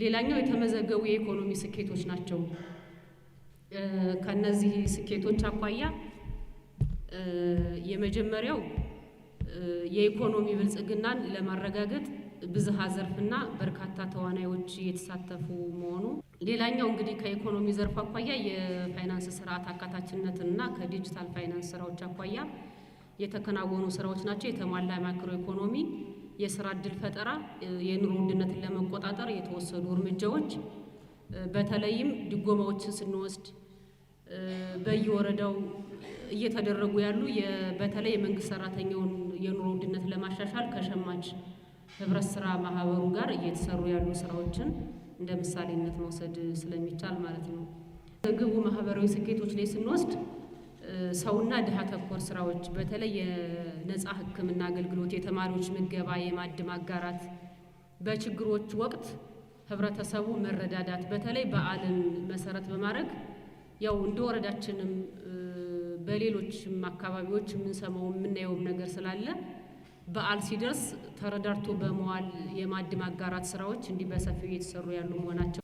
ሌላኛው የተመዘገቡ የኢኮኖሚ ስኬቶች ናቸው። ከነዚህ ስኬቶች አኳያ የመጀመሪያው የኢኮኖሚ ብልጽግናን ለማረጋገጥ ብዝሃ ዘርፍና በርካታ ተዋናዮች የተሳተፉ መሆኑ። ሌላኛው እንግዲህ ከኢኮኖሚ ዘርፍ አኳያ የፋይናንስ ስርዓት አካታችነትና ከዲጂታል ፋይናንስ ስራዎች አኳያ የተከናወኑ ስራዎች ናቸው። የተሟላ ማክሮ ኢኮኖሚ የስራ እድል ፈጠራ፣ የኑሮ ውድነትን ለመቆጣጠር የተወሰዱ እርምጃዎች በተለይም ድጎማዎችን ስንወስድ በየወረዳው እየተደረጉ ያሉ በተለይ የመንግስት ሰራተኛውን የኑሮ ውድነት ለማሻሻል ከሸማች ህብረት ስራ ማህበሩ ጋር እየተሰሩ ያሉ ስራዎችን እንደ ምሳሌነት መውሰድ ስለሚቻል ማለት ነው። ግቡ ማህበራዊ ስኬቶች ላይ ስንወስድ ሰውና ድሃ ተኮር ስራዎች በተለይ የነጻ ሕክምና አገልግሎት፣ የተማሪዎች ምገባ፣ የማድም አጋራት በችግሮች ወቅት ህብረተሰቡ መረዳዳት፣ በተለይ በዓልን መሰረት በማድረግ ያው እንደ ወረዳችንም በሌሎችም አካባቢዎች የምንሰማው የምናየውም ነገር ስላለ በዓል ሲደርስ ተረዳርቶ በመዋል የማድም አጋራት ስራዎች እንዲህ በሰፊው እየተሰሩ ያሉ መሆናቸው